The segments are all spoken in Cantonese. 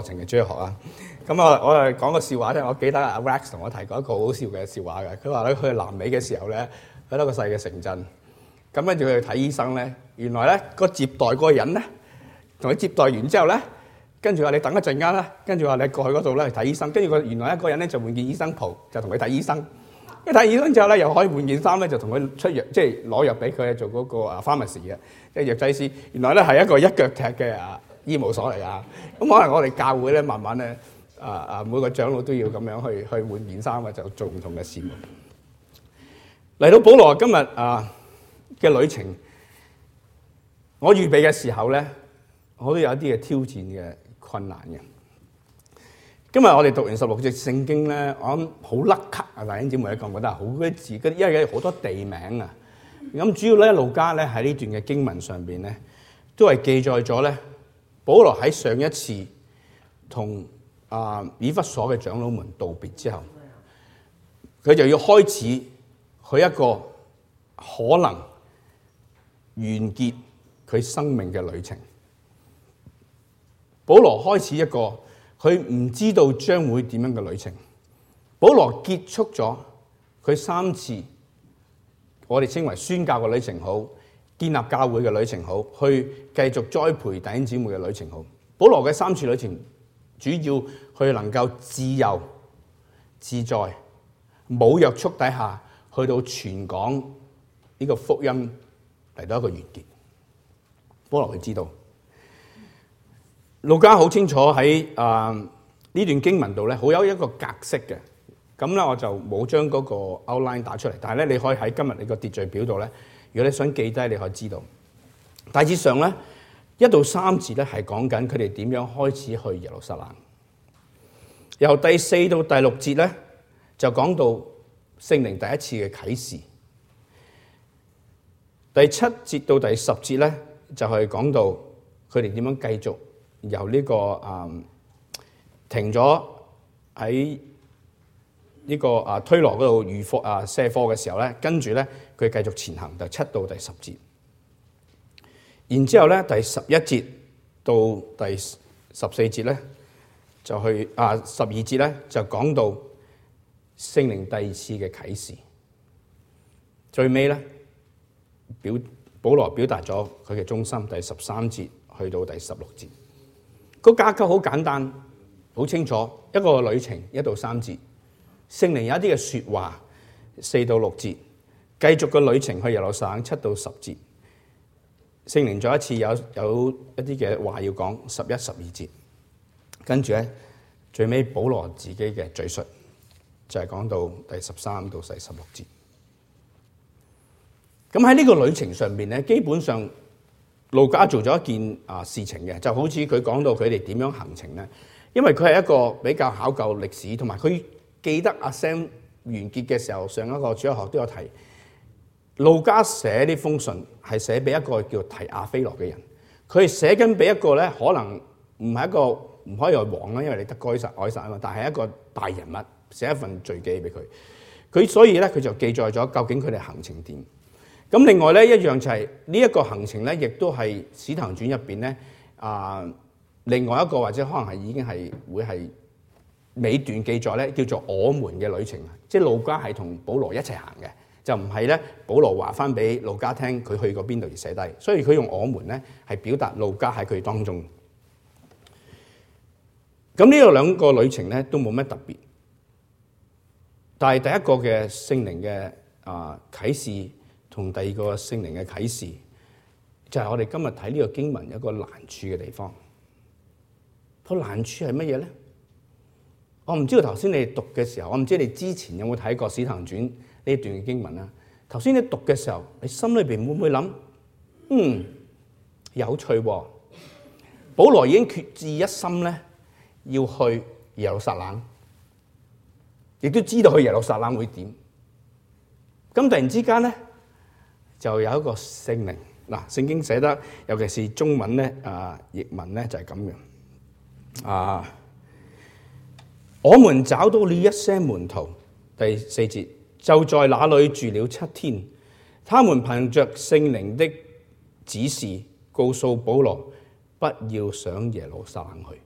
疫情咁啊，我嚟講個笑話咧。我記得阿 Rex 同我提過一個好笑嘅笑話嘅。佢話咧，佢喺南美嘅時候咧，咧去到個細嘅城鎮，咁跟住佢去睇醫生咧。原來咧，個接待嗰個人咧，同佢接待完之後咧，跟住話你等一陣間啦，跟住話你過去嗰度咧睇醫生。跟住佢原來一個人咧就換件醫生袍，就同佢睇醫生。一睇醫生之後咧，又可以換件衫咧，就同佢出藥，即係攞藥俾佢做嗰個啊 pharmacy 嘅即係藥劑師。原來咧係一個一腳踢嘅啊！一無所離啊！咁可能我哋教會咧，慢慢咧啊啊，每個長老都要咁樣去去換件衫嘅，就做唔同嘅事務。嚟到保羅今日啊嘅旅程，我預備嘅時候咧，我都有一啲嘅挑戰嘅困難嘅。今日我哋讀完十六節聖經咧，我諗好甩咳啊！大英姐妹講覺得好多字，因為有好多地名啊。咁主要咧，路加咧喺呢段嘅經文上邊咧，都係記載咗咧。保羅喺上一次同啊以弗所嘅長老們道別之後，佢就要開始佢一個可能完結佢生命嘅旅程。保羅開始一個佢唔知道將會點樣嘅旅程。保羅結束咗佢三次，我哋稱為宣教嘅旅程，好。建立教會嘅旅程好，去繼續栽培弟兄姊妹嘅旅程好。保羅嘅三次旅程，主要佢能夠自由自在、冇約束底下，去到全港呢個福音嚟到一個完結。保羅佢知道，路加好清楚喺啊呢段經文度咧，好有一個格式嘅。咁咧我就冇將嗰個 outline 打出嚟，但係咧你可以喺今日你個秩序表度咧。如果你想記低，你可以知道。大致上咧，一到三節咧係講緊佢哋點樣開始去耶路撒冷。由第四到第六節咧，就講到聖靈第一次嘅啟示。第七節到第十節咧，就係講到佢哋點樣繼續由呢、這個、嗯停了在這個、啊停咗喺呢個啊推羅嗰度預科啊卸貨嘅時候咧，跟住咧。佢繼續前行，就七到第十節，然之後咧，第十一節到第十四節咧，就去啊十二節咧，就講到聖靈第二次嘅啟示。最尾咧，表保羅表達咗佢嘅中心，第十三節去到第十六節，那個架構好簡單，好清楚一個旅程，一到三節聖靈有一啲嘅説話，四到六節。繼續個旅程，去耶路撒冷，七到十節，聖靈再一次有有一啲嘅話要講，十一十二節，跟住咧最尾保羅自己嘅敘述就係、是、講到第十三到第十六節。咁喺呢個旅程上面咧，基本上路加做咗一件啊事情嘅，就好似佢講到佢哋點樣行程咧，因為佢係一個比較考究歷史，同埋佢記得阿 Sam 完結嘅時候，上一個主日學都有提。路加寫呢封信係寫俾一個叫提阿非羅嘅人，佢係寫緊俾一個咧可能唔係一個唔可以係王啦，因為你得該殺愛殺啊嘛，但係一個大人物寫一份序記俾佢，佢所以咧佢就記載咗究竟佢哋行程點。咁另外咧一樣就係呢一個行程咧，亦都係《使徒行傳》入邊咧啊，另外一個或者可能係已經係會係尾段記載咧，叫做我們嘅旅程，即係路加係同保羅一齊行嘅。就唔係咧，保羅話翻俾路加聽，佢去過邊度而寫低，所以佢用我們咧係表達路加喺佢當中。咁呢個兩個旅程咧都冇乜特別，但係第一個嘅聖靈嘅啊啟示，同第二個聖靈嘅啟示，就係我哋今日睇呢個經文一個難處嘅地方。個難處係乜嘢咧？我唔知道頭先你讀嘅時候，我唔知你之前有冇睇過《使徒行傳》。呢一段經文啦，頭先你讀嘅時候，你心裏邊會唔會諗？嗯，有趣喎！保羅已經決志一心咧，要去耶路撒冷，亦都知道去耶路撒冷會點。咁突然之間咧，就有一個聖靈嗱，聖經寫得，尤其是中文咧啊，譯文咧就係咁樣啊。我們找到呢一些門徒，第四節。就在那裡住了七天，他們憑着聖靈的指示，告訴保羅不要上耶路撒冷去。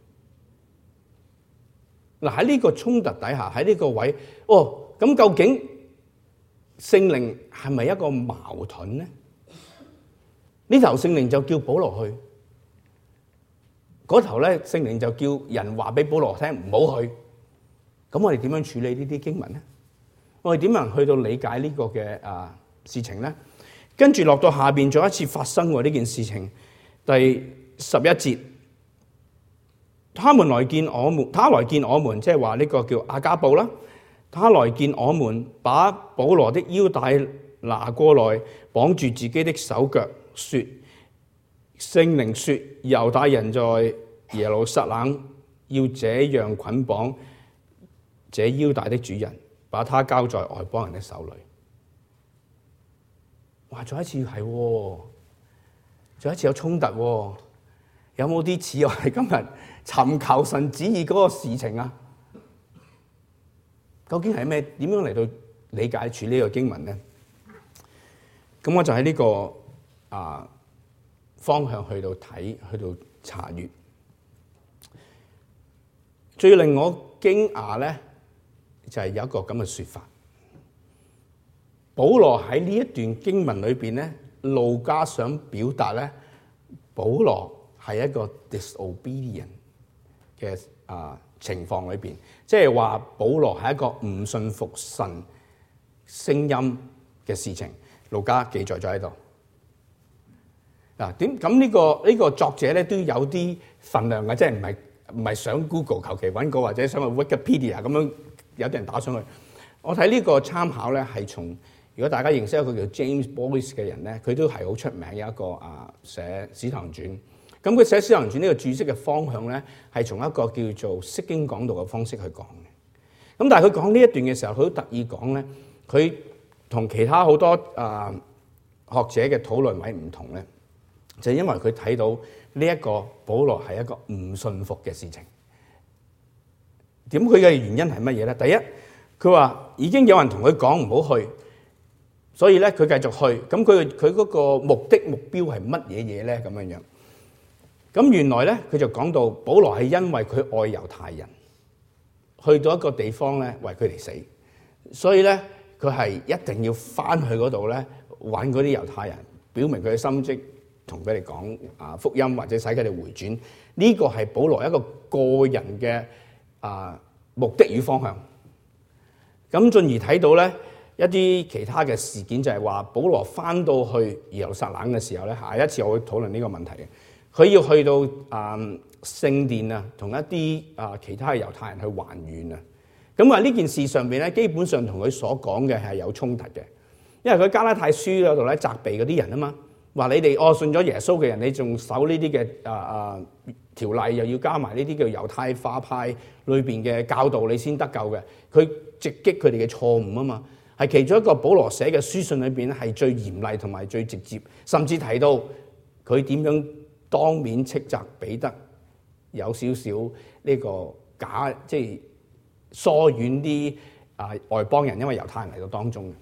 嗱，喺呢個衝突底下，喺呢個位置，哦咁、嗯、究竟聖靈係咪一個矛盾呢？呢頭聖靈就叫保羅去，嗰頭咧聖靈就叫人話俾保羅聽唔好去。咁我哋點樣處理呢啲經文呢？我哋點樣去到理解呢個嘅啊事情呢？跟住落到下邊，再一次發生喎呢件事情。第十一節，他們來見我們，他來見我們，即係話呢個叫阿加布啦。他來見我們，把保羅的腰帶拿過來，綁住自己的手腳。説聖靈説，猶大人在耶路撒冷要這樣捆綁這腰帶的主人。把他交在外邦人的手裏。哇，再一次係喎，再一次有衝突喎，有冇啲似我哋今日尋求神旨意嗰個事情啊？究竟係咩？點樣嚟到理解處呢個經文呢？咁我就喺呢、這個啊方向去到睇，去到查閱。最令我驚訝咧。就係、是，有一個咁嘅説法。保羅喺呢一段經文裏邊咧，路加想表達咧，保羅係一個 disobedient 嘅啊情況裏邊，即係話保羅係一個唔信服神聲音嘅事情。路加記載咗喺度。嗱點咁呢個呢、這個作者咧都有啲份量嘅，即係唔係唔係上 Google 求其揾個或者上去 Wikipedia 咁樣。有啲人打上去，我睇呢個參考咧，係從如果大家認識一個叫 James Boyce 嘅人咧，佢都係好出名有一個啊寫《史堂傳》。咁佢寫《史堂傳》呢個注釋嘅方向咧，係從一個叫做釋經講道嘅方式去講嘅。咁但係佢講呢一段嘅時候，佢都特意講咧，佢同其他好多啊學者嘅討論位唔同咧，就係、因為佢睇到呢一個保羅係一個唔信服嘅事情。咁佢嘅原因係乜嘢咧？第一，佢話已經有人同佢講唔好去，所以咧佢繼續去。咁佢佢嗰個目的目標係乜嘢嘢咧？咁樣樣，咁原來咧佢就講到保羅係因為佢愛猶太人，去到一個地方咧為佢哋死，所以咧佢係一定要翻去嗰度咧揾嗰啲猶太人，表明佢嘅心跡，同佢哋講啊福音或者使佢哋回轉。呢個係保羅一個個人嘅啊。目的與方向，咁進而睇到咧一啲其他嘅事件就，就係話保羅返到去耶路撒冷嘅時候咧，下一次我會討論呢個問題嘅。佢要去到啊、嗯、聖殿啊，同一啲啊、呃、其他嘅猶太人去還願啊。咁話呢件事上面咧，基本上同佢所講嘅係有衝突嘅，因為佢加拉太書嗰度咧責備嗰啲人啊嘛。話你哋哦信咗耶穌嘅人，你仲守呢啲嘅啊啊條例，又要加埋呢啲叫猶太化派裏面嘅教導，你先得救嘅。佢直擊佢哋嘅錯誤啊嘛，係其中一個保羅寫嘅書信裏面係最嚴厲同埋最直接，甚至睇到佢點樣當面斥責彼得有少少呢個假，即係疏遠啲外邦人，因為猶太人嚟到當中嘅。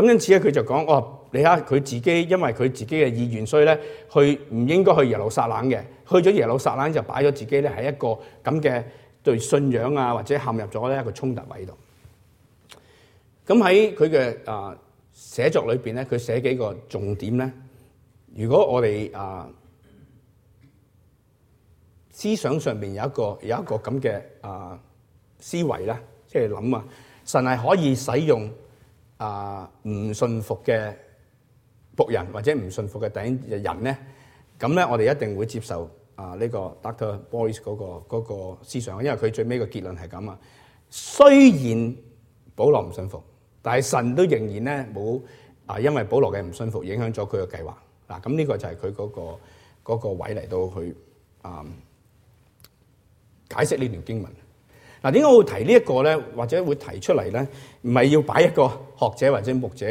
咁因此咧，佢就講哦。你睇下佢自己，因為佢自己嘅意願，所以咧去唔應該去耶路撒冷嘅，去咗耶路撒冷就擺咗自己咧係一個咁嘅對信仰啊或者陷入咗呢一個衝突位度。咁喺佢嘅啊寫作裏邊咧，佢寫幾個重點咧。如果我哋啊思想上面有一個有一個咁嘅啊思維咧，即係諗啊，神係可以使用啊唔信服嘅。僕人或者唔信服嘅頂人咧，咁咧，我哋一定會接受啊。呢個 Doctor Boyce 嗰個嗰個思想，因為佢最尾個結論係咁啊。雖然保羅唔信服，但係神都仍然咧冇啊，因為保羅嘅唔信服影響咗佢嘅計劃嗱。咁呢個就係佢嗰個位嚟到去啊解釋呢條經文嗱。點解我會提這個呢一個咧？或者會提出嚟咧？唔係要擺一個學者或者牧者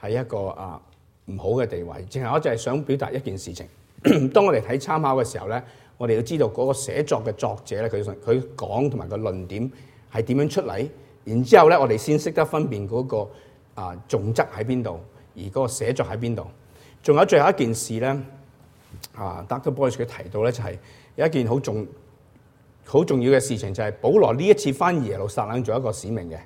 喺一個啊？唔好嘅地位，淨係我就係想表達一件事情。當我哋睇參考嘅時候咧，我哋要知道嗰個寫作嘅作者咧，佢佢講同埋個論點係點樣出嚟，然之後咧我哋先識得分辨嗰、那個啊重則喺邊度，而嗰個寫作喺邊度。仲有最後一件事咧，啊 Doctor Boys 佢提到咧就係、是、有一件好重好重要嘅事情，就係、是、保羅呢一次返耶路撒冷做一個使命嘅。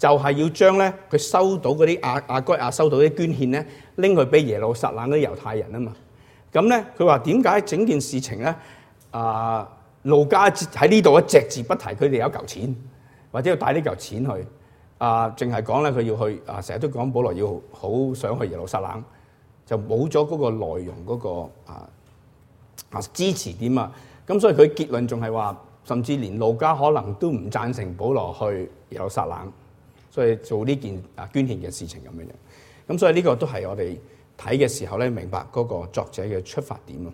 就係、是、要將咧佢收到嗰啲阿阿骨阿收到啲捐獻咧，拎去俾耶路撒冷嗰啲猶太人啊嘛。咁咧佢話點解整件事情咧？啊，路加喺呢度一隻字不提佢哋有嚿錢，或者要帶呢嚿錢去啊，淨係講咧佢要去啊，成日都講保羅要好想去耶路撒冷，就冇咗嗰個內容嗰、那個啊啊，啊支持點啊。咁、嗯、所以佢結論仲係話，甚至連路加可能都唔贊成保羅去耶路撒冷。所以做呢件啊捐獻嘅事情咁樣樣，咁所以呢個都係我哋睇嘅時候咧，明白嗰個作者嘅出發點咯。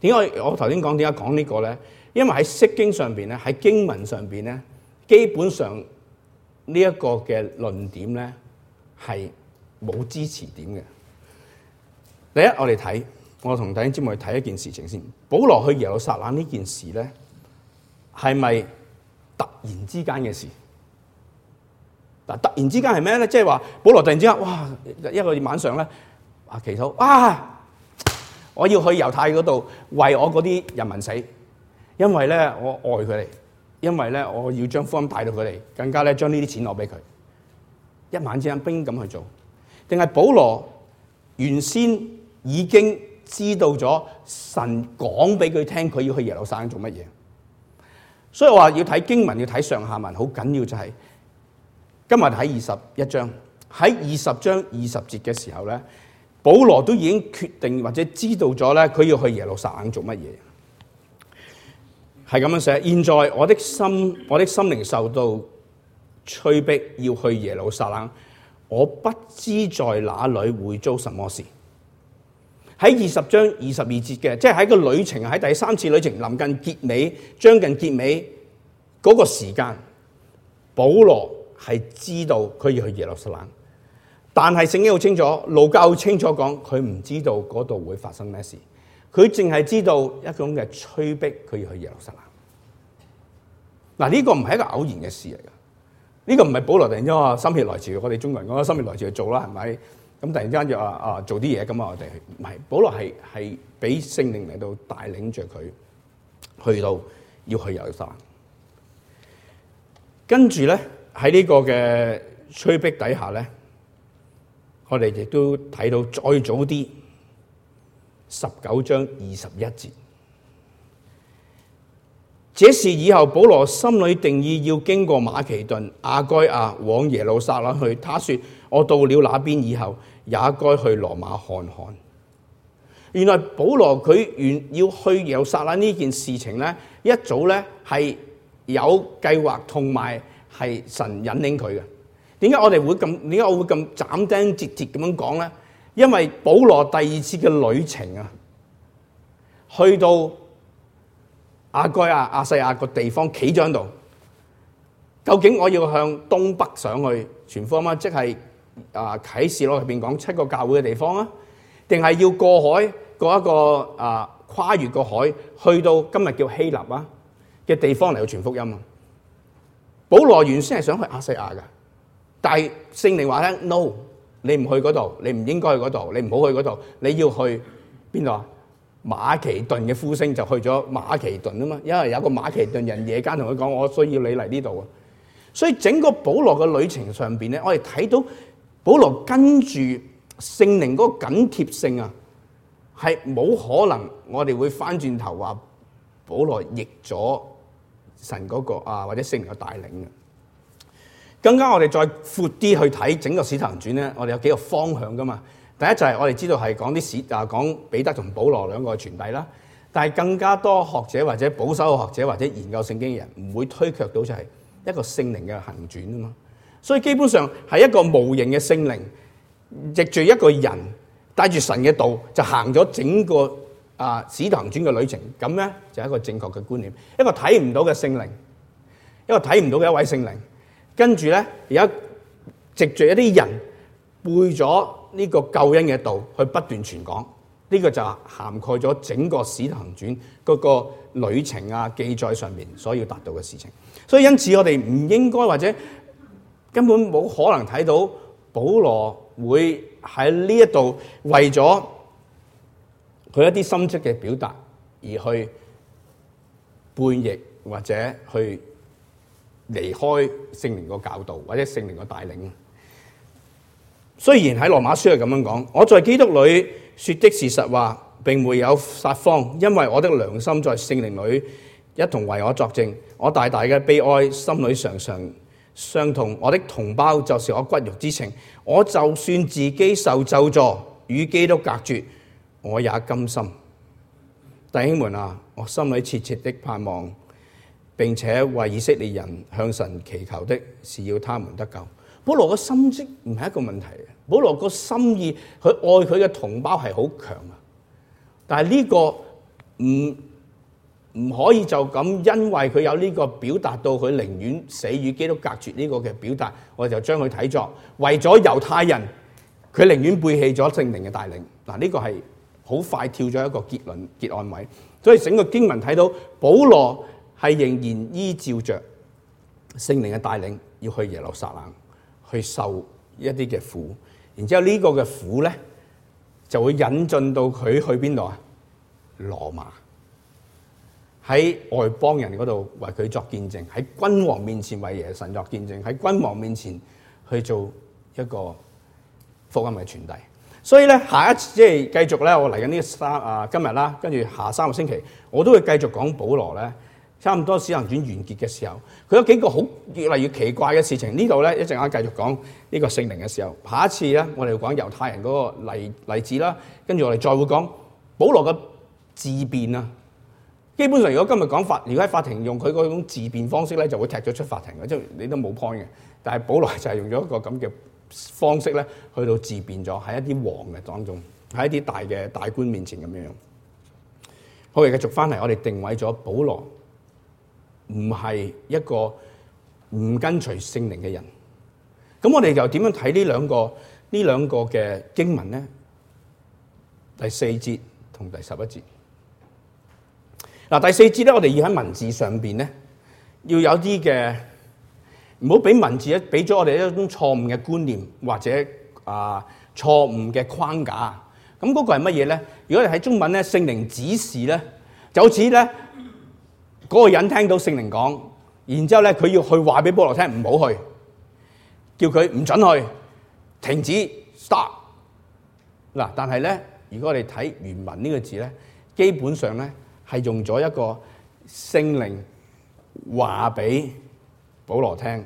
點解我頭先講點解講呢個咧？因為喺《釋經》上邊咧，喺經文上邊咧，基本上呢一個嘅論點咧係冇支持點嘅。第一，我哋睇，我同弟兄姐妹睇一件事情先，保羅去耶路撒冷呢件事咧，係咪突然之間嘅事？嗱，突然之間係咩咧？即係話保羅突然之間，哇，一個晚上咧，話祈禱啊，我要去猶太嗰度為我嗰啲人民死，因為咧我愛佢哋，因為咧我要將福音帶到佢哋，更加咧將呢啲錢攞俾佢，一晚之間冰咁去做，定係保羅原先已經知道咗神講俾佢聽，佢要去耶路撒冷做乜嘢？所以我話要睇經文，要睇上下文，好緊要就係。今日喺二十一章，喺二十章二十節嘅時候咧，保羅都已經決定或者知道咗咧，佢要去耶路撒冷做乜嘢？係咁樣寫。現在我的心，我的心靈受到催逼，要去耶路撒冷，我不知在哪裏會遭什麼事。喺二十章二十二節嘅，即係喺個旅程喺第三次旅程臨近結尾，將近結尾嗰個時間，保羅。係知道佢要去耶路撒冷，但係聖經好清楚，路加好清楚講，佢唔知道嗰度會發生咩事，佢淨係知道一種嘅催逼佢要去耶路撒冷。嗱、這、呢個唔係一個偶然嘅事嚟噶，呢、這個唔係保羅定咗啊，心血來潮，我哋中國人講心血來潮去做啦，係咪？咁突然間就話啊、哦、做啲嘢咁啊，我哋唔係，保羅係係俾聖靈嚟到帶領着佢去到要去耶路撒冷，跟住咧。喺呢個嘅催逼底下呢我哋亦都睇到再早啲十九章二十一節，這時以後保羅心裏定義要經過馬其頓、亞該亞往耶路撒冷去。他說我到了那邊以後，也該去羅馬看看。原來保羅佢原要去耶路撒冷呢件事情呢一早呢係有計劃同埋。和係神引領佢嘅。點解我哋會咁？點解我會咁斬釘截鐵咁樣講咧？因為保羅第二次嘅旅程啊，去到亞該亞、亞細亞個地方企咗喺度。究竟我要向東北上去傳福音啊？即係啊，啟示錄入邊講七個教會嘅地方啊？定係要過海過一個啊，跨越個海去到今日叫希臘啊嘅地方嚟去傳福音啊？保羅原先係想去亞西亞嘅，但係聖靈話咧，no，你唔去嗰度，你唔應該去嗰度，你唔好去嗰度，你要去邊度啊？馬其頓嘅呼聲，就去咗馬其頓啊嘛，因為有個馬其頓人夜間同佢講，我需要你嚟呢度啊。所以整個保羅嘅旅程上邊咧，我哋睇到保羅跟住聖靈嗰個緊貼性啊，係冇可能我哋會翻轉頭話保羅逆咗。神嗰、那個啊，或者聖靈嘅帶領嘅，更加我哋再闊啲去睇整個使徒行傳咧，我哋有幾個方向噶嘛？第一就係我哋知道係講啲使，啊，講彼得同保羅兩個嘅傳遞啦。但係更加多學者或者保守嘅學者或者研究聖經嘅人，唔會推卻到就係一個聖靈嘅行傳啊嘛。所以基本上係一個無形嘅聖靈，藉住一個人帶住神嘅道，就行咗整個。啊！使徒行傳嘅旅程咁咧，這樣就係一個正確嘅觀念，一個睇唔到嘅聖靈，一個睇唔到嘅一位聖靈，跟住咧而家藉住一啲人背咗呢個救恩嘅道去不斷傳講，呢、這個就涵蓋咗整個使徒行傳嗰個旅程啊，記載上面所要達到嘅事情。所以因此我們不，我哋唔應該或者根本冇可能睇到保羅會喺呢一度為咗。佢一啲心跡嘅表達，而去叛逆或者去離開聖靈個教導，或者聖靈個帶領。雖然喺羅馬書係咁樣講，我在基督裏説的是實話，並沒有撒謊，因為我的良心在聖靈裏一同為我作證。我大大嘅悲哀，心裏常常傷痛。我的同胞就是我骨肉之情。我就算自己受咒詛，與基督隔絕。我也甘心，弟兄們啊！我心裏切切的盼望，並且為以色列人向神祈求的是要他們得救。保羅個心跡唔係一個問題嘅。保羅個心意，佢愛佢嘅同胞係好強啊。但係呢個唔唔可以就咁，因為佢有呢個表達到佢寧願死與基督隔絕呢個嘅表達，我就將佢睇作為咗猶太人，佢寧願背棄咗聖靈嘅帶領嗱。呢、呢個係。好快跳咗一個結論結案位，所以整個經文睇到，保羅係仍然依照着聖靈嘅帶領，要去耶路撒冷去受一啲嘅苦，然之後這個呢個嘅苦咧就會引進到佢去邊度啊？羅馬喺外邦人嗰度為佢作見證，喺君王面前為耶神作見證，喺君王面前去做一個福音嘅傳遞。所以咧，下一次即係繼續咧，我嚟緊呢三啊今日啦，跟住下三個星期，我都會繼續講保羅咧。差唔多《使徒行傳》完結嘅時候，佢有幾個好越嚟越奇怪嘅事情。呢度咧，一陣間繼續講呢個聖靈嘅時候。下一次咧，我哋會講猶太人嗰個例例子啦。跟住我哋再會講保羅嘅自辯啊。基本上，如果今日講法，如果喺法庭用佢嗰種自辯方式咧，就會踢咗出法庭嘅，即係你都冇 point 嘅。但係保羅就係用咗一個咁嘅。方式咧，去到自辯咗喺一啲王嘅當中，喺一啲大嘅大官面前咁樣。好，我哋繼續翻嚟，我哋定位咗保羅唔係一個唔跟隨聖靈嘅人。咁我哋又點樣睇呢兩個呢兩個嘅經文咧？第四節同第十一節。嗱，第四節咧，我哋要喺文字上邊咧，要有啲嘅。唔好俾文字咧，俾咗我哋一種錯誤嘅觀念或者啊錯誤嘅框架。咁、那、嗰個係乜嘢咧？如果你睇中文咧，聖靈指示咧，就好似咧嗰個人聽到聖靈講，然之後咧佢要去話俾保羅聽，唔好去，叫佢唔准去，停止，stop。嗱，但係咧，如果我哋睇原文呢個字咧，基本上咧係用咗一個聖靈話俾保羅聽，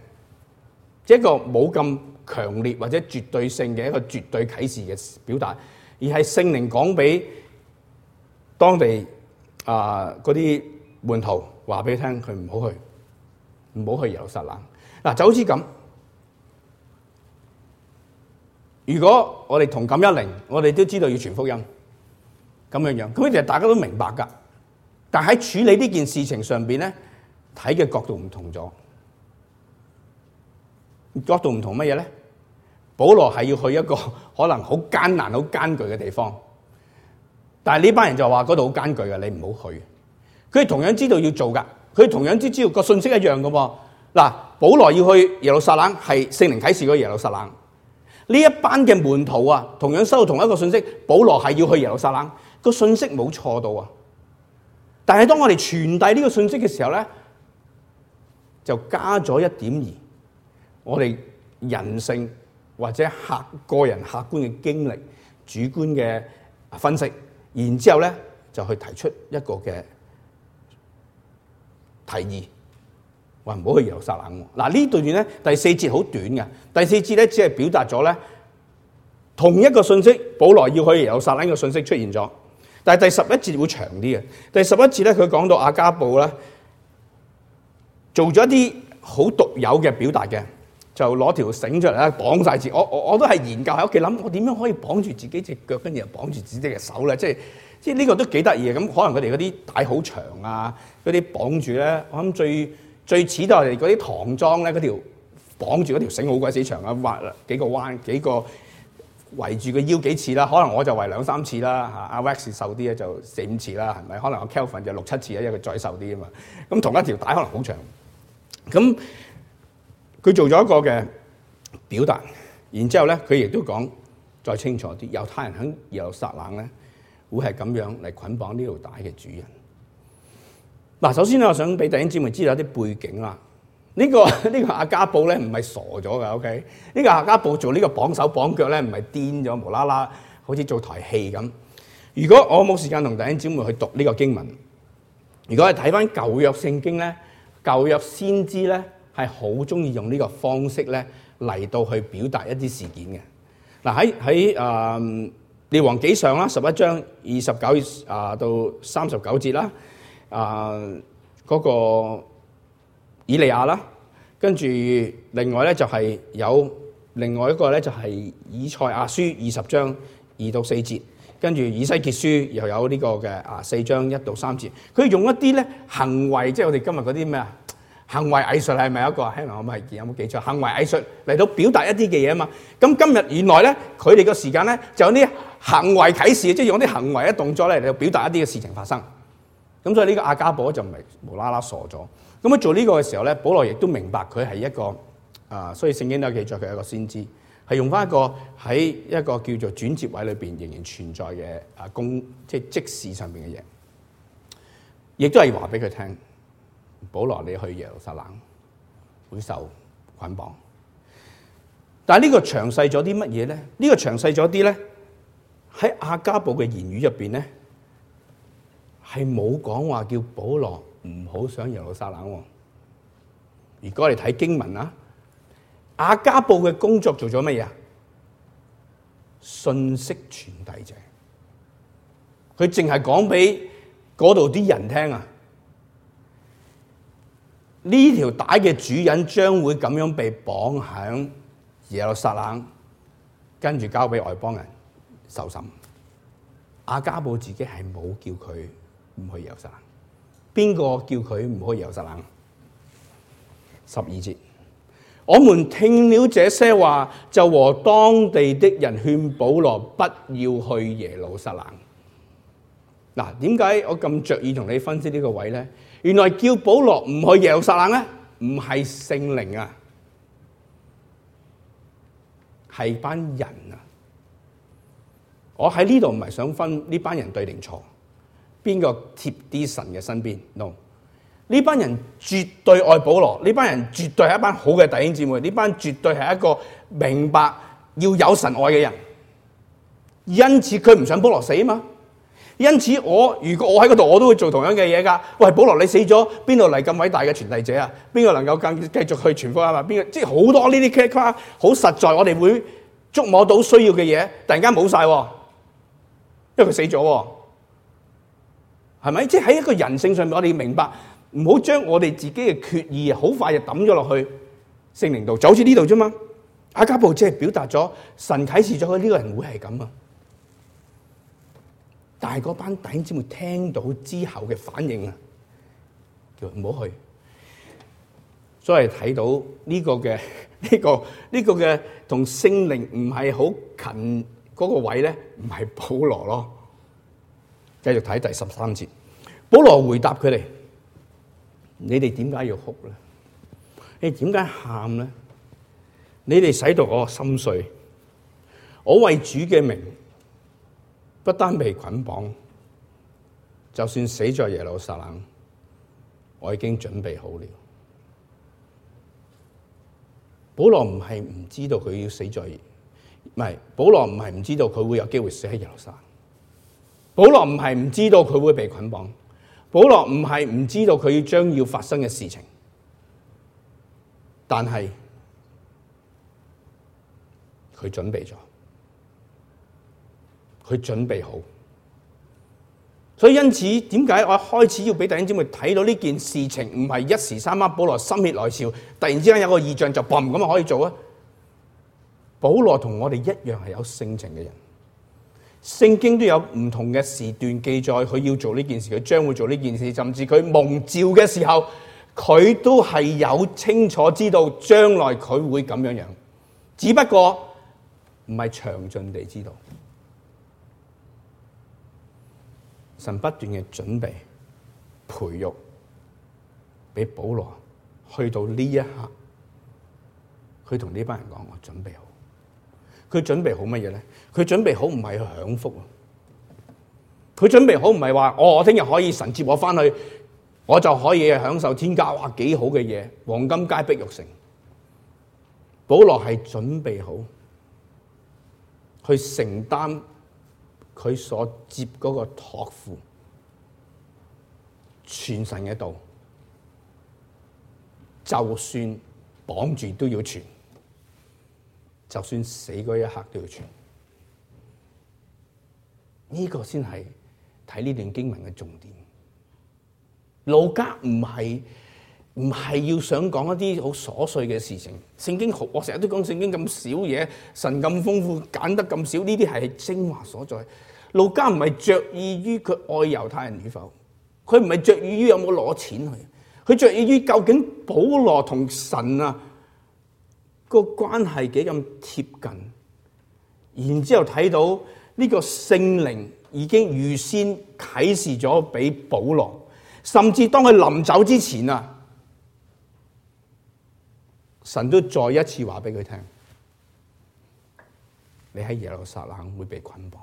即係一個冇咁強烈或者絕對性嘅一個絕對啟示嘅表達，而係聖靈講俾當地啊嗰啲門徒話俾佢聽，佢唔好去，唔好去耶路撒冷嗱。就好似咁，如果我哋同感一靈，我哋都知道要傳福音咁樣這樣咁，其實大家都明白噶，但喺處理呢件事情上邊咧，睇嘅角度唔同咗。角度唔同乜嘢咧？保羅係要去一個可能好艱難、好艱巨嘅地方，但係呢班人就話嗰度好艱巨啊，你唔好去。佢哋同樣知道要做噶，佢哋同樣知知道個信息一樣噶喎。嗱，保羅要去耶路撒冷係聖靈啟示個耶路撒冷，呢一班嘅門徒啊，同樣收到同一個信息，保羅係要去耶路撒冷，個信息冇錯到啊。但係當我哋傳遞呢個信息嘅時候咧，就加咗一點二。我哋人性或者客個人客觀嘅經歷、主觀嘅分析，然之後咧就去提出一個嘅提議，喂，唔好去耶路撒冷。嗱、啊、呢段咧第四節好短嘅，第四節咧只係表達咗咧同一個信息，保羅要去耶路撒冷嘅信息出現咗。但係第十一節會長啲嘅，第十一節咧佢講到阿加布咧做咗一啲好獨有嘅表達嘅。就攞條繩出嚟咧，綁晒住。我我我都係研究喺屋企諗，想我點樣可以綁住自己隻腳，跟住又綁住自己嘅手咧？即係即係呢個都幾得意嘅。咁可能佢哋嗰啲帶好長啊，嗰啲綁住咧，我諗最最似都係嗰啲唐裝咧，嗰條綁住嗰條繩好鬼死長啊，彎幾個彎幾個圍住個腰幾次啦、啊。可能我就圍兩三次啦、啊。阿 Wax 瘦啲咧就四五次啦、啊，係咪？可能阿 Kelvin 就是六七次啦、啊，因為佢再瘦啲啊嘛。咁同一條帶可能好長。咁佢做咗一個嘅表達，然之後咧，佢亦都講再清楚啲，猶太人喺耶路撒冷咧會係咁樣嚟捆綁呢條帶嘅主人。嗱，首先咧，我想俾弟兄姊妹知道一啲背景啦。呢個呢個阿加布咧唔係傻咗噶，OK？呢個阿加布做呢個綁手綁腳咧唔係癲咗，無啦啦，好似做台戲咁。如果我冇時間同弟兄姊妹去讀呢個經文，如果係睇翻舊約聖經咧，舊約先知咧。.係好中意用呢個方式咧嚟到去表達一啲事件嘅。嗱，喺喺誒列王紀上啦，十一章二十九啊到三十九節啦，啊嗰個以利亞啦，跟住另外咧就係有另外一個咧就係以賽亞書二十章二到四節，跟住以西結書又有呢個嘅啊四章一到三節，佢用一啲咧行為，即係我哋今日嗰啲咩啊？行為藝術係咪一個？聽我唔係記有冇記錯？行為藝術嚟到表達一啲嘅嘢啊嘛。咁今日原來咧，佢哋個時間咧就有啲行為啟示，即係用啲行為嘅動作咧嚟到表達一啲嘅事情發生。咁所以呢個亞迦布就唔係無啦啦傻咗。咁啊做呢個嘅時候咧，保羅亦都明白佢係一個啊，所以聖經都有記載佢係一個先知，係用翻一個喺一個叫做轉接位裏邊仍然存在嘅啊公，即係即時上邊嘅嘢，亦都係話俾佢聽。保羅，你去耶路撒冷會受捆綁，但係呢個詳細咗啲乜嘢咧？呢、呢個詳細咗啲咧，喺亞加布嘅言語入邊咧，係冇講話叫保羅唔好上耶路撒冷。如果你睇經文啊，亞加布嘅工作做咗乜嘢啊？信息傳遞者，佢淨係講俾嗰度啲人聽啊。呢條帶嘅主人將會咁樣被綁喺耶路撒冷，跟住交俾外邦人受審。阿加布自己係冇叫佢唔去耶路撒冷，邊個叫佢唔去耶路撒冷？十二節，我們聽了這些話，就和當地的人勸保羅不要去耶路撒冷。嗱，點解我咁着意同你分析呢個位咧？原來叫保羅唔去耶路撒冷咧，唔係聖靈啊，係班人啊！我喺呢度唔係想分呢班人對定錯，邊個貼啲神嘅身邊？no，呢班人絕對愛保羅，呢班人絕對係一班好嘅弟兄姊妹，呢班絕對係一個明白要有神愛嘅人，因此佢唔想保羅死啊嘛。因此我，我如果我喺嗰度，我都會做同樣嘅嘢㗎。喂，保羅，你死咗，邊度嚟咁偉大嘅傳遞者啊？邊個能夠更繼續去傳福音啊？邊個即係好多呢啲 check 卡好實在，我哋會觸摸到需要嘅嘢，突然間冇晒，因為佢死咗，係咪？即係喺一個人性上面，我哋要明白，唔好將我哋自己嘅決意好快就抌咗落去聖靈度，就好似呢度啫嘛。阿加布即係表達咗神啟示咗佢呢個人會係咁啊。但係嗰班弟兄姊妹聽到之後嘅反應啊，叫佢唔好去。所以睇到呢個嘅呢個呢個嘅同聖靈唔係好近嗰個位咧，唔係保羅咯。繼續睇第十三節，保羅回答佢哋：你哋點解要哭咧？你點解喊咧？你哋使到我心碎，我為主嘅名。不單被捆綁，就算死在耶路撒冷，我已經準備好了。保羅唔係唔知道佢要死在，唔係，保羅唔係唔知道佢會有機會死喺耶路撒冷。保羅唔係唔知道佢會被捆綁，保羅唔係唔知道佢要將要發生嘅事情，但係佢準備咗。佢準備好，所以因此點解我一開始要俾弟兄姊妹睇到呢件事情唔係一時三刻，保羅心血來潮，突然之間有個異象就砰咁可以做啊！保羅同我哋一樣係有性情嘅人，聖經都有唔同嘅時段記載佢要做呢件事，佢將會做呢件事，甚至佢蒙召嘅時候，佢都係有清楚知道將來佢會咁樣樣，只不過唔係詳盡地知道。神不斷嘅準備、培育，俾保羅去到呢一刻，佢同呢班人講：我準備好。佢準備好乜嘢咧？佢準備好唔係去享福啊！佢準備好唔係話哦，我聽日可以神接我翻去，我就可以享受天家哇幾好嘅嘢，黃金街、碧玉城。保羅係準備好去承擔。佢所接嗰個託付，傳神嘅道，就算綁住都要傳，就算死嗰一刻都要傳，呢、呢個先係睇呢段經文嘅重點。路加唔係。唔係要想講一啲好瑣碎嘅事情。聖經好，我成日都講聖經咁少嘢，神咁豐富，揀得咁少，呢啲係精華所在。路加唔係着意於佢愛猶太人與否，佢唔係着意於有冇攞錢去，佢着意於究竟保羅同神啊個關係幾咁貼近。然之後睇到呢個聖靈已經預先啟示咗俾保羅，甚至當佢臨走之前啊！神都再一次話俾佢聽，你喺耶路撒冷會被捆綁。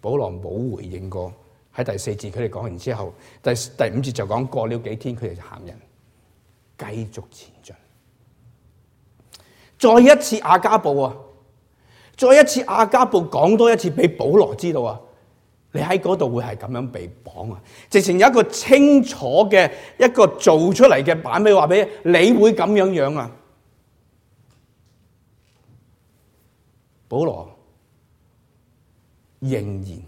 保羅冇回應過，喺第四節佢哋講完之後，第第五節就講過了幾天佢哋就行人，繼續前進。再一次亞加布啊，再一次亞加布講多一次俾保羅知道啊。你喺嗰度會係咁樣被綁啊？直情有一個清楚嘅一個做出嚟嘅版，俾話俾你會咁樣樣啊！保羅仍然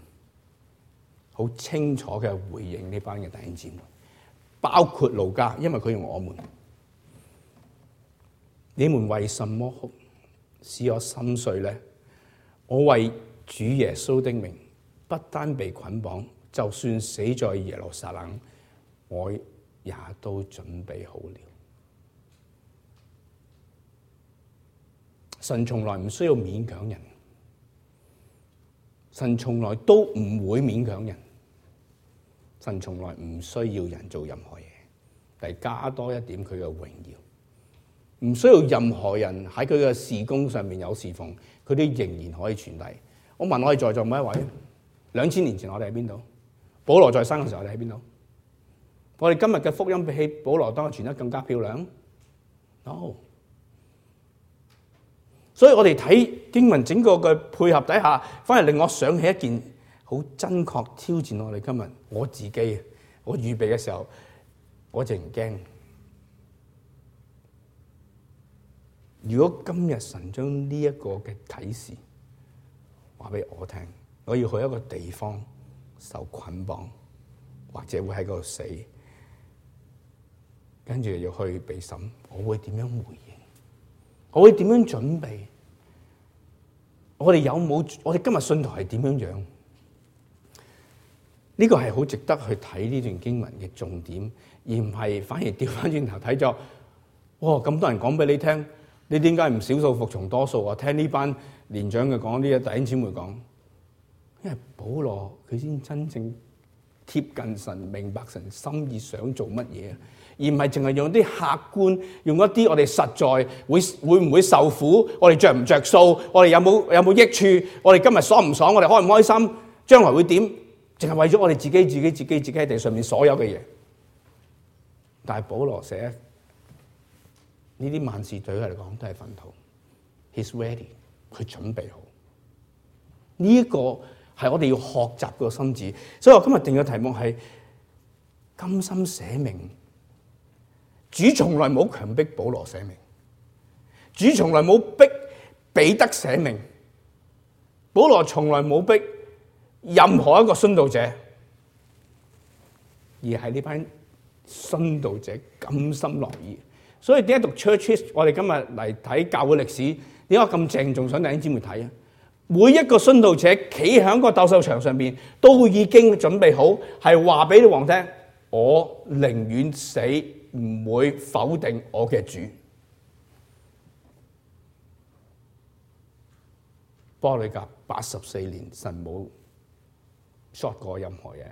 好清楚嘅回應呢班嘅弟兄姊妹，包括路加，因為佢用我們，你們為什麼哭，使我心碎咧？我為主耶穌的名。不單被捆綁，就算死在耶路撒冷，我也都準備好了。神從來唔需要勉強人，神從來都唔會勉強人，神從來唔需要人做任何嘢，但加多一點佢嘅榮耀，唔需要任何人喺佢嘅事工上面有侍奉，佢都仍然可以傳遞。我問我哋在座每一位。兩千年前我哋喺邊度？保羅在生嘅時候我，我哋喺邊度？我哋今日嘅福音比起保羅當佢傳得更加漂亮。No. 所以我哋睇經文整個嘅配合底下，反而令我想起一件好真確挑戰我哋今日我自己。我預備嘅時候，我就唔驚。如果今日神將呢一個嘅啟示話俾我聽。我要去一個地方受捆綁，或者會喺嗰度死，跟住要去被審，我會點樣回應？我會點樣準備？我哋有冇？我哋今日信徒係點樣樣？呢、這個係好值得去睇呢段經文嘅重點，而唔係反而調翻轉頭睇咗。哇，咁多人講俾你聽，你點解唔少數服從多數啊？我聽呢班年長嘅講，呢啲弟兄姊妹講。因為保羅佢先真正貼近神，明白神心意想做乜嘢，而唔係淨係用啲客觀，用一啲我哋實在會會唔會受苦，我哋着唔着數，我哋有冇有冇益處，我哋今日爽唔爽，爽，我哋開唔開心，將來會點？淨係為咗我哋自己、自己、自己、自己喺地上面所有嘅嘢。但係保羅寫呢啲萬事對佢嚟講都係糞土。He's ready，佢準備好呢一個。係我哋要學習個心志，所以我今日定嘅題目係甘心捨命。主從來冇強逼保羅捨命，主從來冇逼彼得捨命，保羅從來冇逼任何一個殉道者，而係呢班殉道者甘心樂意。所以點解讀 Church？我哋今日嚟睇教會歷史，點解咁正？仲想弟兄姊妹睇啊？每一個殉道者企喺個鬥獸場上邊，都已經準備好係話俾你王聽，我寧願死，唔會否定我嘅主。玻利嘉八十四年，神冇 short 過任何嘢，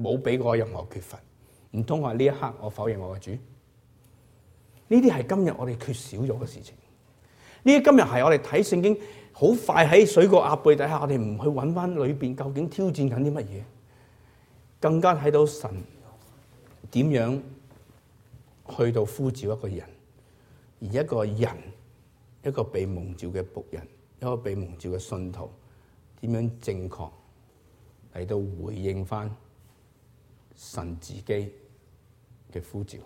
冇俾過任何缺乏。唔通我呢一刻，我否認我嘅主？呢啲係今日我哋缺少咗嘅事情。呢啲今日係我哋睇聖經。好快喺水過鴨背底下，我哋唔去揾翻裏邊究竟挑戰緊啲乜嘢，更加睇到神點樣去到呼召一個人，而一個人一個被蒙召嘅僕人，一個被蒙召嘅信徒，點樣正確嚟到回應翻神自己嘅呼召，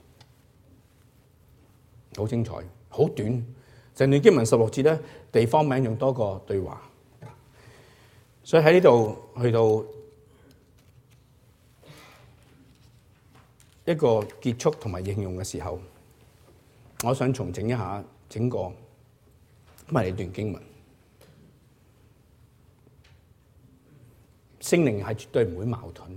好精彩，好短。整段經文十六節地方名用多過對話，所以喺呢度去到一個結束同埋應用嘅時候，我想重整一下整個埋一段經文，聖靈係絕對唔會矛盾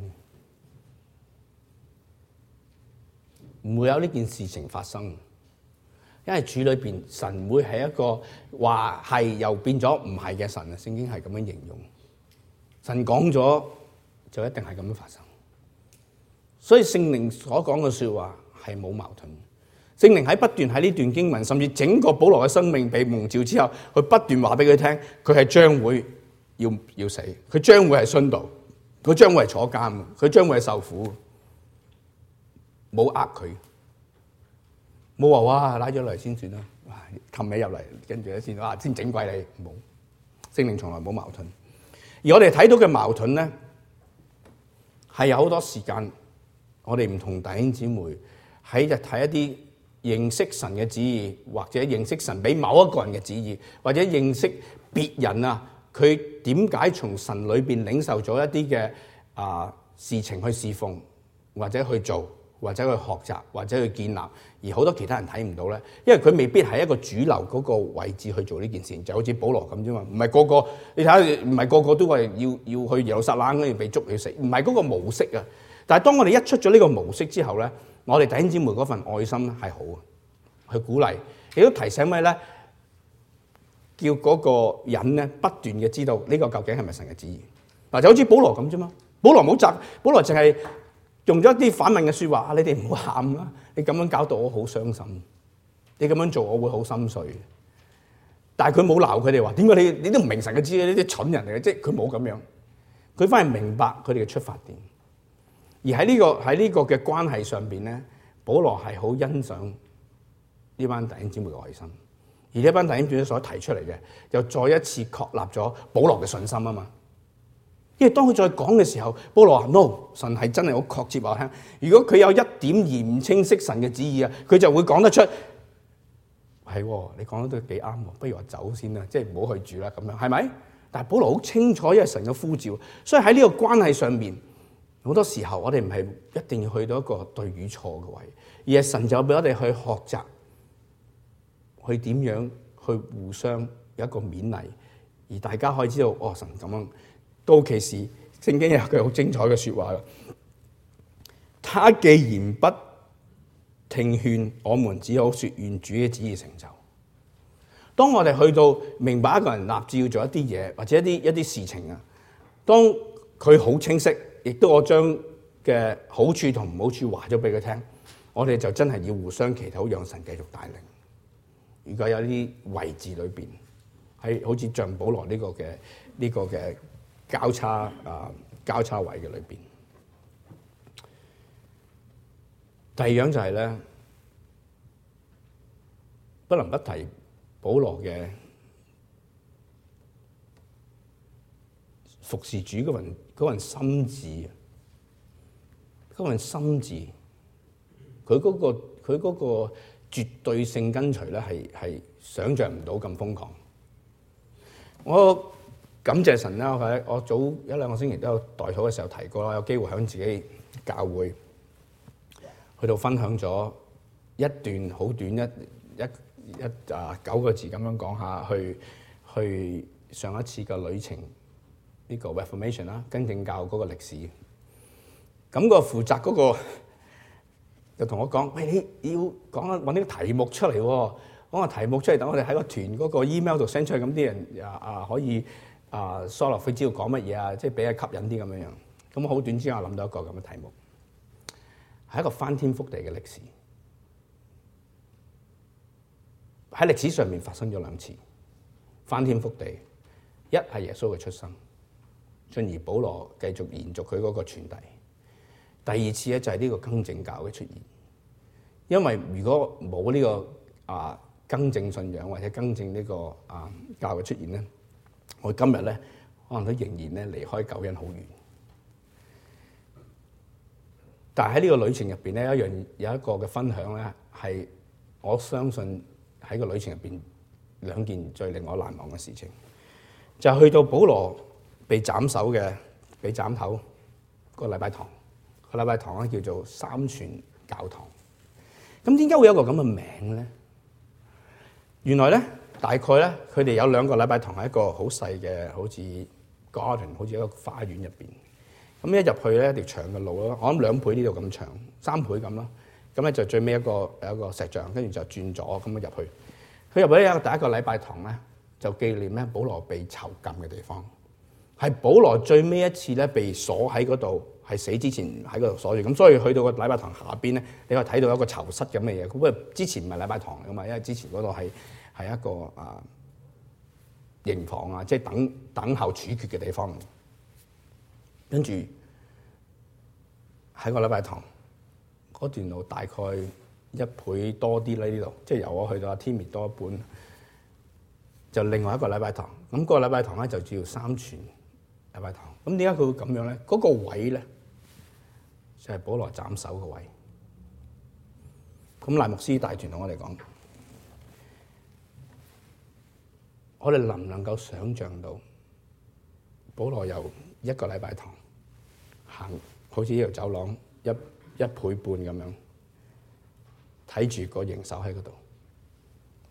嘅，唔會有呢件事情發生。因為主裏邊神會係一個話係又變咗唔係嘅神啊，聖經係咁樣形容。神講咗就一定係咁樣發生，所以聖靈所講嘅說話係冇矛盾嘅。聖靈喺不斷喺呢段經文，甚至整個保羅嘅生命被蒙召之後，佢不斷話俾佢聽，佢係將會要要死，佢將會係殉道，佢將會係坐監，佢將會係受苦，冇呃佢。冇話哇，拉咗嚟先算啦，哇，氹你入嚟跟住先，哇，先整鬼你，冇。聖靈從來冇矛盾，而我哋睇到嘅矛盾咧，係有好多時間，我哋唔同弟兄姊妹喺日睇一啲認識神嘅旨意，或者認識神俾某一個人嘅旨意，或者認識別人啊，佢點解從神裏面領受咗一啲嘅啊事情去侍奉或者去做。或者去學習，或者去建立，而好多其他人睇唔到咧，因為佢未必喺一個主流嗰個位置去做呢件事，就好似保羅咁啫嘛。唔係個個，你睇下唔係個個都係要要去耶路撒冷跟住被捉去食，唔係嗰個模式啊。但係當我哋一出咗呢個模式之後咧，我哋弟兄姊妹嗰份愛心咧係好啊，去鼓勵，亦都提醒咩咧？叫嗰個人咧不斷嘅知道呢、這個究竟係咪神嘅旨意嗱，就好似保羅咁啫嘛。保羅冇責，保羅淨係。用咗一啲反問嘅説話，你哋唔好喊啦！你咁樣搞到我好傷心，你咁樣做我會好心碎。但係佢冇鬧佢哋話，點解你你都唔明神嘅知呢啲蠢人嚟嘅？即係佢冇咁樣，佢反而明白佢哋嘅出發點。而喺呢個喺呢個嘅關係上邊咧，保羅係好欣賞呢班弟兄姊妹嘅愛心，而呢班弟兄姊妹所提出嚟嘅，又再一次確立咗保羅嘅信心啊嘛。因為當佢再講嘅時候，保羅話：no，神係真係好確切話聽。如果佢有一點而唔清晰神嘅旨意啊，佢就會講得出。係喎，你講得都幾啱。不如我走先啦，即係唔好去住啦。咁樣係咪？但係保羅好清楚，因為神嘅呼召，所以喺呢個關係上面，好多時候我哋唔係一定要去到一個對與錯嘅位，而係神就俾我哋去學習，去點樣去互相有一個勉勵，而大家可以知道，哦，神咁樣。到其時，聖經有句好精彩嘅説話㗎。他既然不聽勸，我們只好説願主嘅旨意成就。當我哋去到明白一個人立志要做一啲嘢，或者一啲一啲事情啊，當佢好清晰，亦都我將嘅好處同唔好處話咗俾佢聽，我哋就真係要互相祈禱，讓神繼續帶領。如果有啲位置裏邊，喺好似像，像保羅呢個嘅呢、這個嘅。交叉啊，交叉位嘅裏邊，第二樣就係咧，不能不提保羅嘅服侍主嗰份嗰份心志，嗰份心志，佢嗰個，佢嗰個絕對性跟隨咧，係係想象唔到咁瘋狂，我。感謝神啦，我我早一兩個星期都有代禱嘅時候提過啦，有機會喺自己教會去到分享咗一段好短，一一一啊九個字咁樣講下去，去上一次嘅旅程呢個 Reformation 啦，跟正教嗰個歷史。咁個負責嗰個就同我講：喂，你要講啊，揾啲題目出嚟，揾個題目出嚟，等我哋喺個團嗰個 email 度 send 出去，咁啲人啊啊可以。啊！索洛菲知道講乜嘢啊？即係比較吸引啲咁樣樣。咁好短之間，我諗到一個咁嘅題目，係一個翻天覆地嘅歷史。喺歷史上面發生咗兩次翻天覆地，一係耶穌嘅出生，進而保羅繼續延續佢嗰個傳遞。第二次咧就係呢個更正教嘅出現，因為如果冇呢個啊更正信仰或者更正呢個啊教嘅出現咧。我今日咧，可能都仍然咧離開救恩好遠。但係喺呢個旅程入邊咧，有一樣有一個嘅分享咧，係我相信喺個旅程入邊兩件最令我難忘嘅事情，就係、去到保羅被斬首嘅被斬頭個禮拜堂，個禮拜堂咧叫做三泉教堂。咁點解會有一個咁嘅名咧？原來咧。大概咧，佢哋有兩個禮拜堂喺一個好細嘅，好似 garden，好似一個花園入邊。咁一入去咧，一條長嘅路咯，我諗兩倍呢度咁長，三倍咁咯。咁咧就最尾一個有一個石像，跟住就轉咗咁入去。佢入去咧，第一個禮拜堂咧就紀念咧保羅被囚禁嘅地方，係保羅最尾一次咧被鎖喺嗰度，係死之前喺嗰度鎖住。咁所以去到個禮拜堂下邊咧，你可以睇到一個囚室咁嘅嘢。咁啊，之前唔係禮拜堂嚟噶嘛，因為之前嗰度係。係一個啊刑房啊，即係、就是、等等候處決嘅地方。跟住喺個禮拜堂嗰段路大概一倍多啲呢。呢度，即、就、係、是、由我去到阿 Timmy 多一半，就另外一個禮拜堂。咁、那個禮拜堂咧就叫三全禮拜堂。咁點解佢會咁樣咧？嗰、那個位咧就係保羅斬首個位置。咁賴牧師大團同我哋講。我哋能唔能夠想像到，保羅由一個禮拜堂行好似呢條走廊，一一倍半半咁樣睇住個刑手喺嗰度，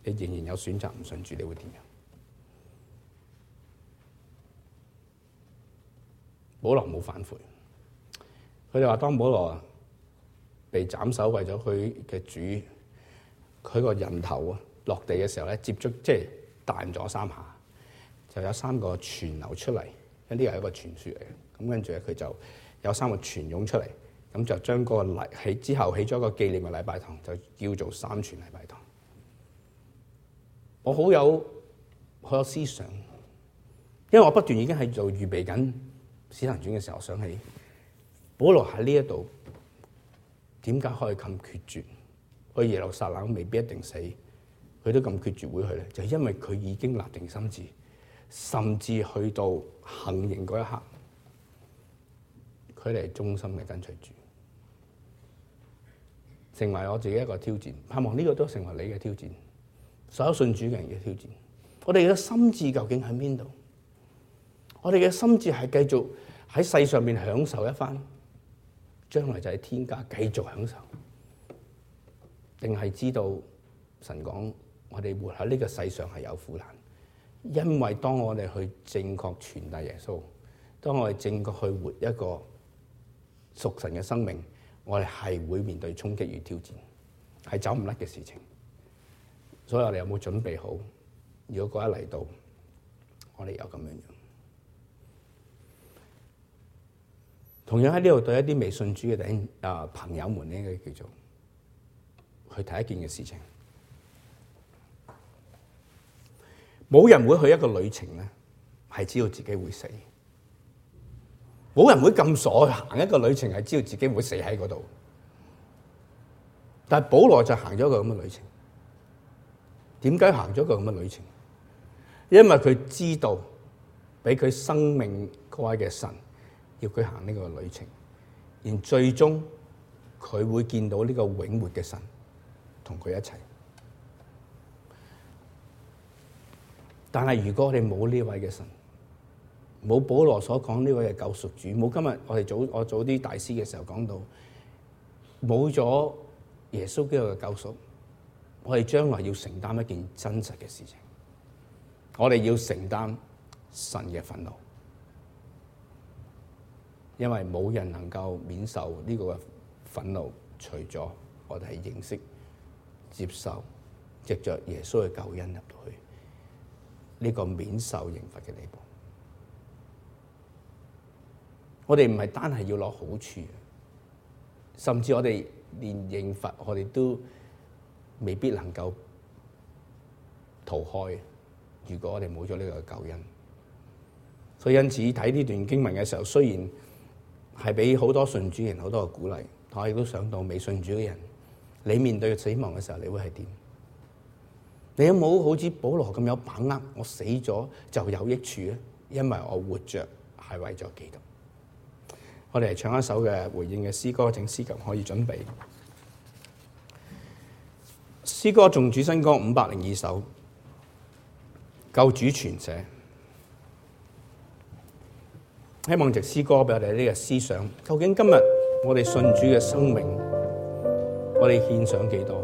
你仍然有選擇唔信主，你會點樣？保羅冇反悔，佢哋話當保羅被斬首為咗佢嘅主，佢個人頭啊落地嘅時候咧，接觸即係。彈咗三下，就有三個泉流出嚟，呢啲係一個傳說嚟嘅。咁跟住咧，佢就有三個泉湧出嚟，咁就將嗰個禮起之後起咗一個紀念嘅禮拜堂，就叫做三泉禮拜堂。我好有好有思想，因為我不斷已經喺度預備緊《使徒行傳》嘅時候，想起保羅喺呢一度，點解可以咁決絕？去耶路撒冷未必一定死。佢都咁決絕會去咧，就係因為佢已經立定心志，甚至去到行刑嗰一刻，佢哋忠心嘅跟隨主，成為我自己一個挑戰。盼望呢個都成為你嘅挑戰，所有信主嘅人嘅挑戰。我哋嘅心志究竟喺邊度？我哋嘅心志係繼續喺世上面享受一番，將來就喺天家繼續享受，定係知道神講？我哋活喺呢個世上係有苦難，因為當我哋去正確傳達耶穌，當我哋正確去活一個屬神嘅生命，我哋係會面對衝擊與挑戰，係走唔甩嘅事情。所以我哋有冇準備好？如果嗰一嚟到，我哋有咁樣樣。同樣喺呢度對一啲未信主嘅弟兄啊朋友們咧，應該叫做去睇一件嘅事情。冇人會去一個旅程咧，係知道自己會死。冇人會咁傻行一個旅程，係知道自己會死喺嗰度。但係保羅就行咗個咁嘅旅程，點解行咗個咁嘅旅程？因為佢知道俾佢生命乖嘅神要佢行呢個旅程，而最終佢會見到呢個永活嘅神同佢一齊。但係，如果你冇呢位嘅神，冇保羅所講呢位嘅救贖主，冇今日我哋早我早啲大師嘅時候講到，冇咗耶穌基督嘅救贖，我哋將來要承擔一件真實嘅事情，我哋要承擔神嘅憤怒，因為冇人能夠免受呢個憤怒，除咗我哋係認識、接受、藉着耶穌嘅救恩入去。呢、這個免受刑罰嘅地步，我哋唔係單係要攞好處，甚至我哋連刑罰我哋都未必能夠逃開。如果我哋冇咗呢個救恩，所以因此睇呢段經文嘅時候，雖然係俾好多信主嘅人好多嘅鼓勵，但我亦都想到未信主嘅人，你面對死亡嘅時候，你會係點？你有冇好似保羅咁有把握？我死咗就有益處啊！因為我活着係為咗基督。我哋嚟唱一首嘅回應嘅詩歌，請司琴可以準備。詩歌頌主新歌五百零二首，救主傳者。希望藉詩歌俾我哋呢個思想。究竟今日我哋信主嘅生命，我哋獻上幾多少？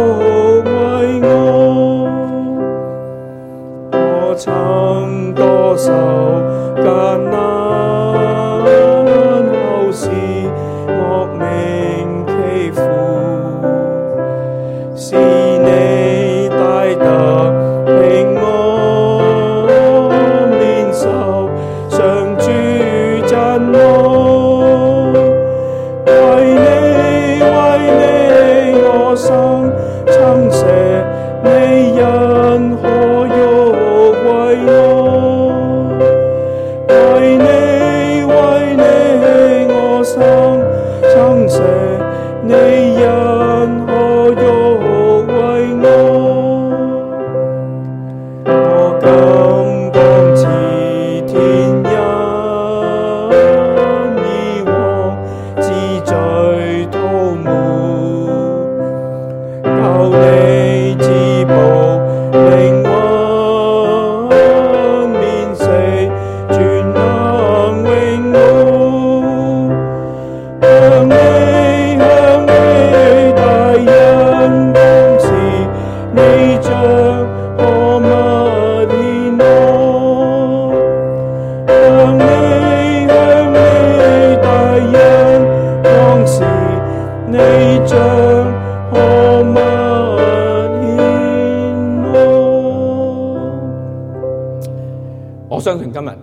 我相信今日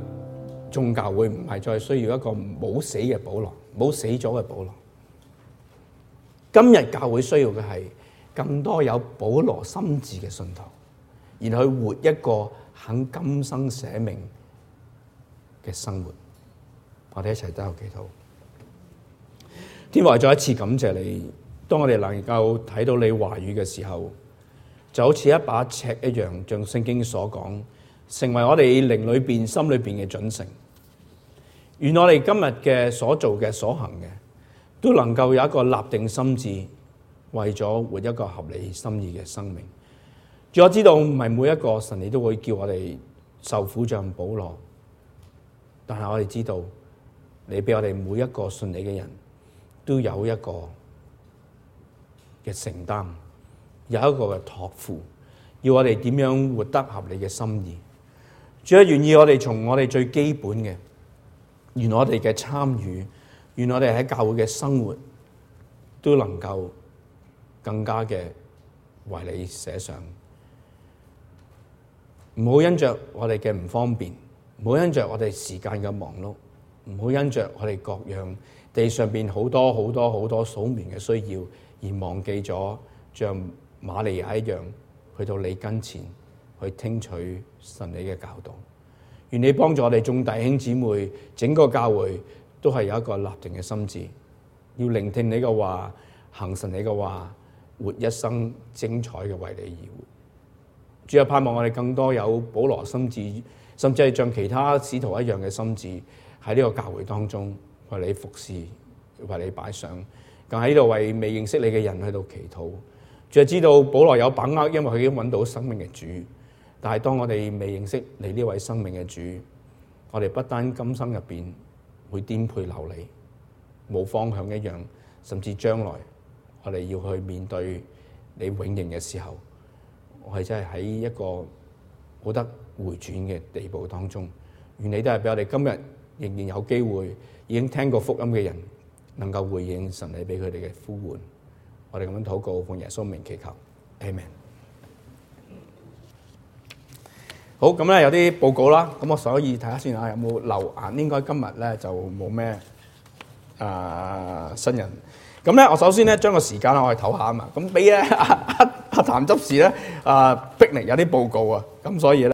眾教會唔係再需要一個冇死嘅保羅，冇死咗嘅保羅。今日教會需要嘅係更多有保羅心智嘅信徒，然後去活一個肯今生捨命嘅生活。我哋一齊低頭祈禱。天父再一次感謝你，當我哋能夠睇到你話語嘅時候，就好似一把尺一樣，像聖經所講。成為我哋靈裏邊、心裏邊嘅準成，願我哋今日嘅所做嘅所行嘅都能夠有一個立定心志，為咗活一個合理心意嘅生命。仲要知道唔係每一個神你都會叫我哋受苦像保羅，但係我哋知道你俾我哋每一個信你嘅人都有一個嘅承擔，有一個嘅託付，要我哋點樣活得合理嘅心意。主要願意我哋從我哋最基本嘅，願我哋嘅參與，願我哋喺教會嘅生活都能夠更加嘅為你寫上，唔好因着我哋嘅唔方便，唔好因着我哋時間嘅忙碌，唔好因着我哋各樣地上邊好多好多好多睡眠嘅需要而忘記咗，像瑪利亞一樣去到你跟前。去聽取神你嘅教導，願你幫助我哋眾弟兄姊妹，整個教會都係有一個立定嘅心志，要聆聽你嘅話，行神你嘅話，活一生精彩嘅為你而活。主啊，盼望我哋更多有保羅心志，甚至係像其他使徒一樣嘅心志喺呢個教會當中為你服侍，為你擺上，更喺度為未認識你嘅人喺度祈禱。主啊，知道保羅有把握，因為佢已經揾到生命嘅主。但係當我哋未認識你呢位生命嘅主，我哋不單今生入邊會顛沛流離、冇方向一樣，甚至將來我哋要去面對你永刑嘅時候，我哋真係喺一個冇得回轉嘅地步當中。願你都係俾我哋今日仍然有機會已經聽過福音嘅人，能夠回應神你俾佢哋嘅呼喚。我哋咁樣禱告，奉耶穌名祈求，amen。好，咁咧有啲報告啦，咁我所以睇下先啊，有冇留眼？應該今日咧就冇咩啊新人。咁咧我首先咧將個時間咧我哋唞下啊嘛，咁俾啊啊啊譚執事咧啊逼嚟有啲報告啊，咁所以咧。